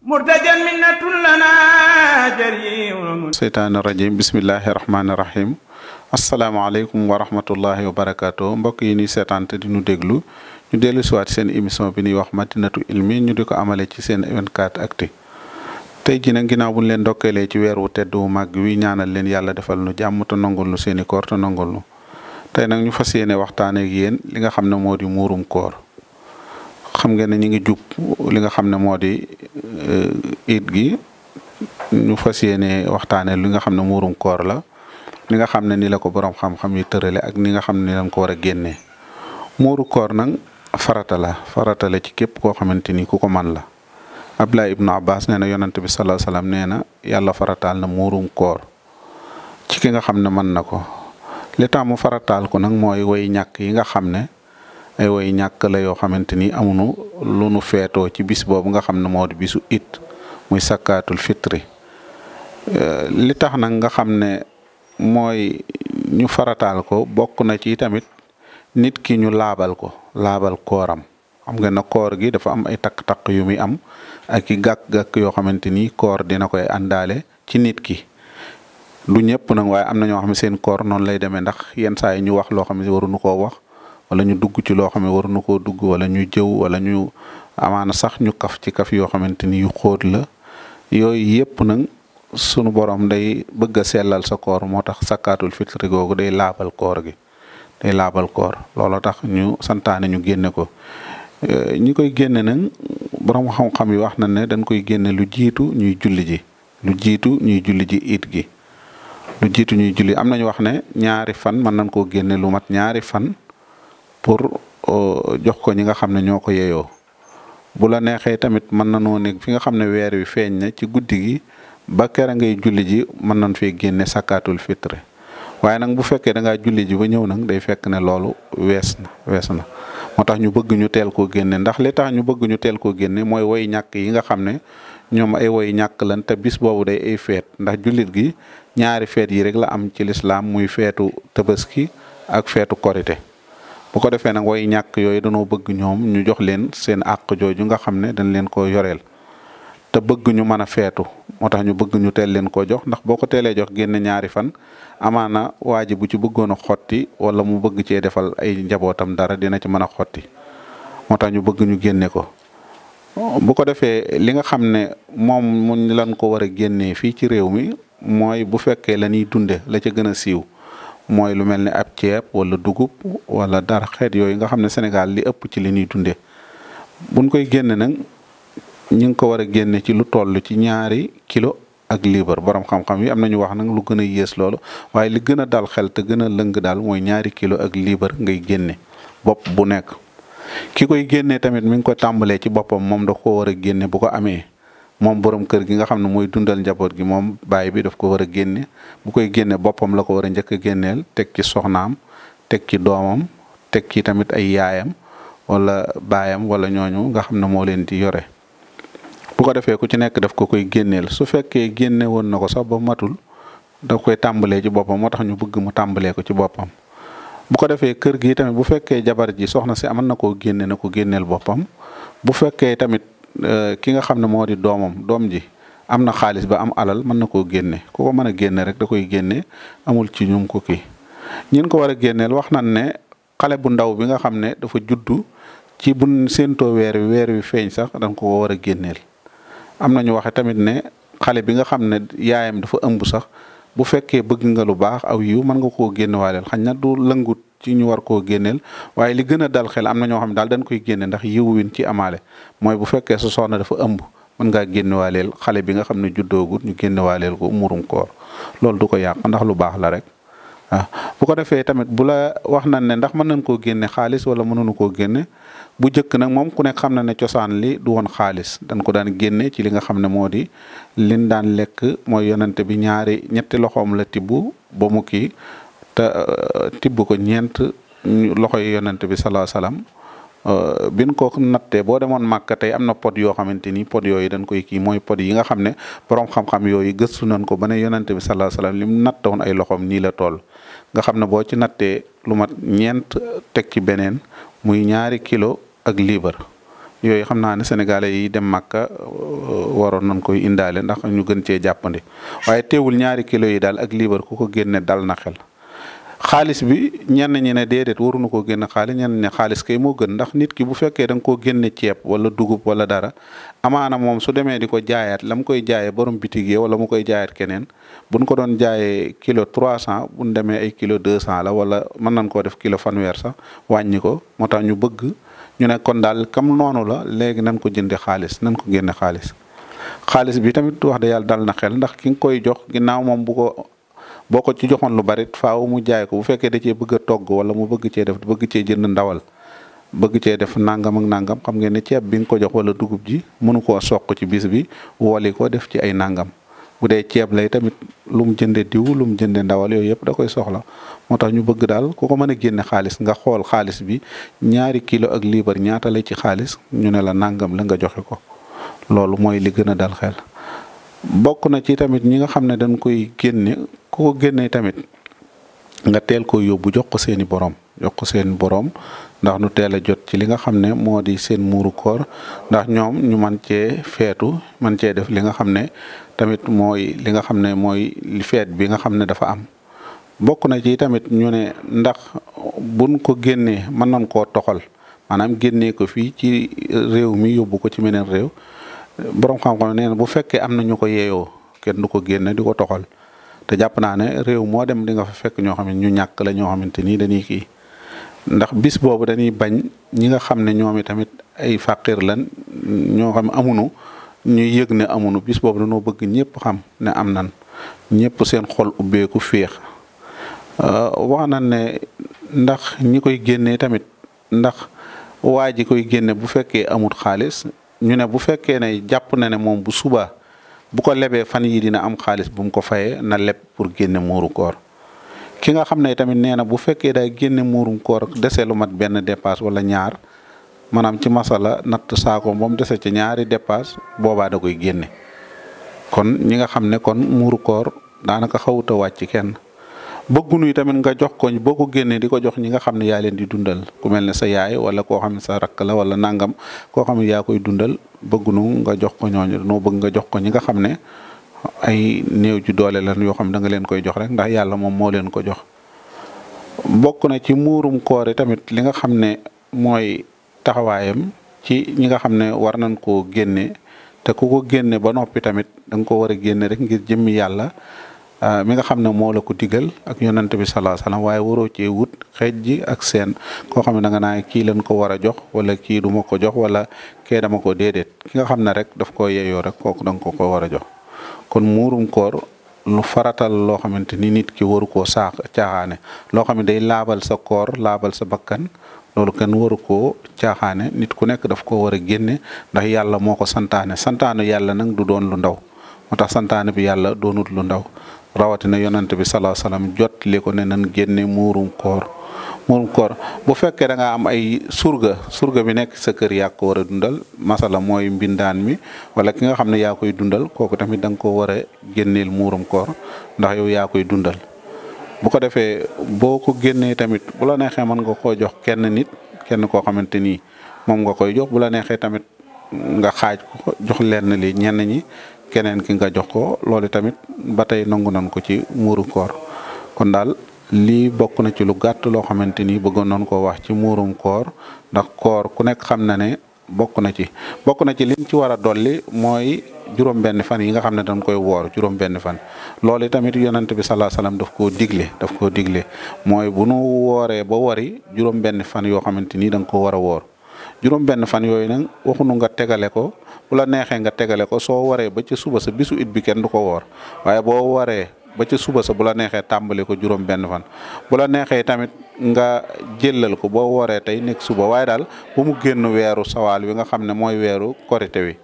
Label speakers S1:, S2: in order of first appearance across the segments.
S1: murtajan minnatun lana jariun seytaani rajim bismillahi rahmaani rahim asalaamaaleykum wa rahmatullahi mbokk yi ñuy seetaan te di ñu déglu ñu dellu siwaat seen émission bi ñuy wax madinatu ilmi ñu di ko amalee ci seen 24 actu tey ji nag ginnaaw buñ leen ndokkeelee ci weer wu tedd wu màgg wi ñaanal leen yàlla defal nu jàmm te nangul nu seeni koor te nangul nu tey nag ñu fas yéene waxtaanee ak yéen li nga xam ne moo di muurum koor xam ngeen ne ñu ngi jub li nga xam ne moo di euh, it gi ñu fas yéene waxtaanee li nga xam ne muurum koor la li nga xam ne ni la ko boroom xam-xam yi tërale ak ni nga xam ne lañ ko war a génnee muuru koor nag farata la farata ci képp koo xamante ni ku ko man la Abdullah ibnu Abbas nee na yonent bi sallallahu alayhi wasallam nee na yàlla farataal na muurum koor ci ki nga xam ne mën na ko li tax ko nag mooy way ñàkk yi nga xam ne. ay way ñàkk la yoo xamante ni amuñu lu nu feetoo ci bis boobu nga xam ne moo di bisu it muy sakkaatul fitri eh, li tax nag nga xam ne mooy ñu farataal ko bokk na ci tamit nit ki ñu laabal ko laabal kooram xam nga na koor gi dafa am ay takk-takk yu muy am ak i gàkk-gàkk yoo xamante ni koor dina koy àndaale ci nit ki du ñëpp nag waaye am na ñoo xam ne seen koor noon lay demee ndax yenn saa yi ñu wax loo xam ne waruñu koo wax wala ñu dugg ci loo xam ne war na koo dugg wala ñu jëw wala ñu amaana sax ñu kaf ci kaf yoo xamante ni yu xóot la yooyu yépp nag sunu borom day bëgg a sellal sa koor moo tax sakkaatul fitri googu day laabal koor gi day laabal koor looloo tax ñu santaane ñu génne ko ñi koy génne nag borom xam-xam yi wax na ne dañ koy génne lu jiitu ñuy julli ji lu jiitu ñuy julli ji it gi lu jiitu ñuy julli am nañu wax ne ñaari fan mën nañ koo génne lu mat ñaari fan pour euh, jox ko ñi nga xam ne ñoo ko yeyoo bu la neexee tamit mën nañoo ne fi nga xam ne weer wi feeñ na ci guddi gi ba kera ngay julli ji mën nañ fee génne sakkaatul fitre waaye nag bu fekkee da ngaa julli ji ba ñëw nag day fekk ne loolu wees na na moo tax ñu bëgg ñu teel koo génne ndax li tax ñu bëgg ñu teel ko génne mooy woy ñàkk yi nga xam ne ñoom ay woy ñàkk lan te bis boobu day ay feet ndax jullit gi ñaari feet yi rek la am ci lislaam muy feetu tabaski ak feetu korite bu ko defee nag way ñàkk yooyu dañoo bëgg ñoom ñu jox leen seen àq jooju nga xam ne dañ leen ko yoreel te bëgg ñu mën a feetu moo tax ñu bëgg ñu teel leen koo jox ndax boo ko teelee jox génn ñaari fan amaana waa ji bu ci bëggoon a xotti wala mu bëgg cee defal ay njabootam dara dina ci mën a xotti moo tax ñu bëgg ñu génne ko bu ko defee li nga xam ne moom mu lan ko war a génnee fii ci réew mi mooy bu fekkee la ñuy dunde la ca gën a siiw mooy lu mel ni ab ceeb wala dugub wala dara xeet yooyu nga xam ne Sénégal li ëpp ci li ñuy dundee buñ koy génne nag ñu ngi ko war a génne ci lu toll ci ñaari kilo ak liibar borom xam-xam yi am nañu wax nag lu gën a yées loolu waaye li gën a dal xel te gën a lëng daal mooy ñaari kilo ak liibar ngay génne bopp bu nekk ki koy génnee tamit mi ngi ko tàmbalee ci boppam moom da ko war a génne bu ko amee moom borom kër gi nga xam ne mooy dundal njaboot gi moom baay bi daf ko war a génne bu koy génne boppam la ko war a njëkk a génneel teg ci soxnaam teg ci doomam teg ci tamit ay yaayam wala baayam wala ñooñu nga xam ne moo leen di yore bu ko defee ku ci nekk def ko koy génneel su fekkee génne woon na ko sax ba matul daf koy tàmbalee ci boppam moo tax ñu bëgg mu tàmbalee ko ci boppam. bu ko defee kër gi tamit bu fekkee jabar ji soxna si aman na koo génne na ko génneel boppam Euh, ki nga xam ne moo di doomam doom ji am na xaalis ba am alal mën na koo génne ku mën a génne rek da koy génne amul ci ñum ko ki ñin ko war a génneel wax nañ ne xale bu ndaw bi nga xam ne dafa juddu ci bu séentoo weer wi weer wi feeñ sax dañ ko war a génneel am na ñu waxe tamit ne xale bi nga xam ne yaayam dafa ëmb sax bu fekkee bëgg nga lu baax aw yiw mën nga koo génnewaaleel xañ na du lëngut ci ñu war koo génneel waaye li gën a dal xel am na ñoo xam ne daal dañ koy génne ndax yiw win ci amaale mooy bu fekkee su a dafa ëmb mën ngaa génnewaaleel xale bi nga xam ne juddoogu ñu génnewaaleel ko murum koor loolu du ko yàq ndax lu baax la rek ah, bu ko defee tamit bu la wax nañ ne ndax mën nañ koo génne xaalis wala mënuñu koo génne bu njëkk nag moom ku nekk xam na ne cosaan li du woon xaalis dañ ko daan génne ci li nga xam ne moo di lin daan lekk mooy yonante bi ñaari ñetti loxoom la tibb ba mu kii te euh, tibb ko ñeent loxo yi yonent bi salaa salaam euh, bin ko nattee boo demoon màkk tey am na pot yoo xamante ni pot yooyu dañ koy kii mooy pot yi nga xam ne borom xam yooyu gëstu nañ ko ba ne yonent bi salaa salaam lim nattoon ay loxoom nii la tool nga xam ne boo ci nattee lu mat ñeent teg ci beneen muy ñaari kilo ak liibar yooyu xam naa ne sénégalais yi dem màkka euh, waroon nañ koy indaale ndax ñu gën cee jàppandi waaye teewul ñaari kilo yi daal ak liibar ko ko génne dal na xel. xaalis bi ñenn ñi ne déedéet waruñu koo génn xaalis ñenn ne xaalis kay moo gën ndax nit ki bu fekkee da nga koo génne ceeb wala dugub wala dara amaana moom su demee di ko jaayaat la mu koy jaayee borom bitig yi wala mu koy jaayaat keneen buñ ko doon jaaye kilo trois cent buñ demee ay kilo deux cent la wala mën nañ koo def kilo fanweer sax wàññi ko moo tax ñu bëgg ñu ne kon daal comme noonu la léegi nañ ko jënde xaalis nañ ko génne xaalis xaalis bi tamit wax de yàlla dal na xel ndax ki nga koy jox ginnaaw moom bu ko boo ko ci joxoon lu bari faaw mu jaay ko bu fekkee da cee bëgg a togg wala mu bëgg cee def bëgg cee jënd ndawal bëgg cee def nangam nangam xam ngeen ne ceeb bi nga ko jox wala dugub ji mënu koo soq ci bis bi wooli ko def ci ay nangam bu dee ceeb lay tamit lum mu jëndee diw lu jënde ndawal yooyu yëpp da koy soxla moo tax ñu bëgg daal ku ko mën a génne xaalis nga xool xaalis bi ñaari kilo ak liibar ñaata la ci xaalis ñu ne la nàngam la nga joxe ko loolu mooy li gën a dal xel. bokk na ci tamit ñi nga xam ne dañ koy génne ku ko génne tamit nga teel ko yóbbu jox ko seeni borom jox ko seen borom ndax nu teel a jot ci li nga xam ne moo di seen muuru ndax ñoom ñu man cee feetu man cee def li nga xam ne tamit mooy li nga xam ne mooy feet bi nga xam ne dafa am bokk na ci tamit ñu ne ndax buñ ko génnee mën nañ koo toxal maanaam génnee ko fii ci réew mi yóbbu ko ci meneen réew boroom xam-xam nee bu fekkee am na ñu ko yeeyoo kenn du ko génne di ko toxal te jàpp naa ne réew moo dem di nga fa fekk ñoo xam ne ñu ñàkk la ñoo xamante nii dañuy kii ndax bis boobu dañuy bañ ñi nga xam ne ñoom tamit ay faqir lan ñoo xam amunu ñu yëg ne amunu bis boobu dañoo bëgg ñëpp xam ne am nan ñëpp seen xol ubbeeku féex euh, wax nañ ne ndax ñi koy génnee tamit ndax waa ji koy génne bu fekkee amut xaalis ñu ne bu fekkee ne jàpp na ne moom bu subaa bu ko lebee fan yii dina am xaalis bu ko fayee na leb pour génne muuru koor ki nga xam ne tamit nee na bu fekkee day génne muurum koor dese lu mat benn dépasse wala ñaar maanaam ci masala natt saako moom desee ci ñaari dépasse boobaa da koy génne kon ñi nga xam ne kon muuru koor daanaka xawuta wàcc kenn bëgguñu tamit nga jox ko boo ko génnee di ko jox ñi nga xam ne yaa leen di dundal ku mel ne sa yaay wala koo xam ne sa rakk la wala nangam koo xam ne yaa koy dundal bëgguñu nga jox ko ñooñu noo bëgg nga jox ko ñi nga xam ne ay néew ju doole lan yoo xam ne da leen koy jox rek ndax yàlla moom moo leen ko jox. bokk na ci muurum koor tamit li nga xam ne mooy taxawaayam ci ñi nga xam ne war nañ koo génne te ku ko génne ba noppi tamit danga ko war a génne rek ngir jëmmi yàlla. Euh, mi nga xam ne moo la ko digal ak yonent bi salaa salaam waaye waroo cee wut xeej ji ak seen koo xam ne da nga naa kii lañ ko war a jox wala kii du ma ko jox wala kee dama ko déedéet ki nga xam ne rek daf ko yeyoo rek kooku dang ko ko war a jox kon muurum koor lu faratal loo xamante ni nit ki waru koo saax caaxaane loo xam ne day laabal sa koor laabal sa bakkan loolu kenn waru koo caaxaane nit ku nekk daf ko war a génne ndax yàlla moo ko santaane santaane yàlla nag du doon lu ndaw moo tax santaane bi yàlla doonut lu ndaw rawatina yonent bi salaa salaam jot li ko ne nan génne muurum koor muurum koor bu fekkee da nga am ay surga surga bi nekk sa kër yaa ko war a dundal masala mooy mbindaan mi wala ki nga xam ne yaa koy dundal kooku tamit da nga ko war a génneel muurum koor ndax yow yaa koy dundal bu ko defee boo ko génnee tamit bu la neexee mën nga koo jox kenn nit kenn koo xamante ni moom nga koy jox bu la neexee tamit nga xaaj ko jox lenn li ñenn ñi keneen ki nga jox ko loolu tamit ba tey nangu nan ko ci muuru koor kon daal lii bokk na ci lu gàtt loo xamante ni bëggoon noonu koo wax ci muurum koor ndax koor ku nekk xam na ne bokk na ci bokk na ci liñ ci war a dolli mooy juróom benn fan yi nga xam ne dañ koy woor juróom benn fan loolu tamit yonent bi salaa salaam daf koo digle daf koo digle mooy bu nu wooree ba wari juróom benn fan yoo xamante ni da ko war a woor juróom benn fan yooyu nag waxunu nga tegale ko bu la neexee nga ko soo waree ba ci suba sa bisu it bi kenn du ko woor waaye boo waree ba ca suba sa bu la neexee tàmbali ko juróom benn fan bu la neexee tamit nga jëlal ko boo wooree tey nekk suba waaye daal bu mu génn weeru sawaal wi nga xam ne mooy weeru korite wi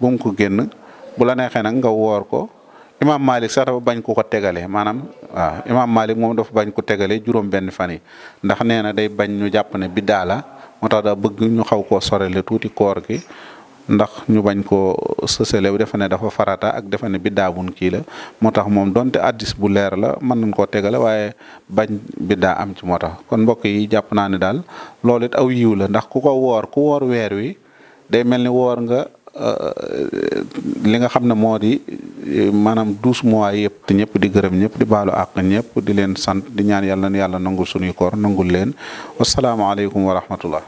S1: bu ko génn bu la neexee nag nga woor ko imaam Malik sax dafa bañ ku ko tegale maanaam waaw imaam Malik moom dafa bañ ku tegale juróom benn fan yi ndax nee na day bañ ñu jàpp ne biddaa la moo tax daa bëgg ñu xaw koo sorele tuuti koor gi ndax ñu bañ koo sëselew defe ne dafa farata ak defe ne biddaa bun kii la moo tax moom donte addis bu leer la mën nañ koo tegale waaye bañ biddaa am ci moo tax kon mbokk yi jàpp naa ne daal loolu it aw yiw la ndax ku ko woor ku woor weer wi day mel ni woor nga euh, li nga xam ne moo di maanaam douze mois yëpp te ñëpp di gërëm ñëpp di baalu àq ñëpp di leen sant di ñaan yàlla na yàlla nangul suñuy koor nangul leen wasalaamaaleykum wa rahmatullah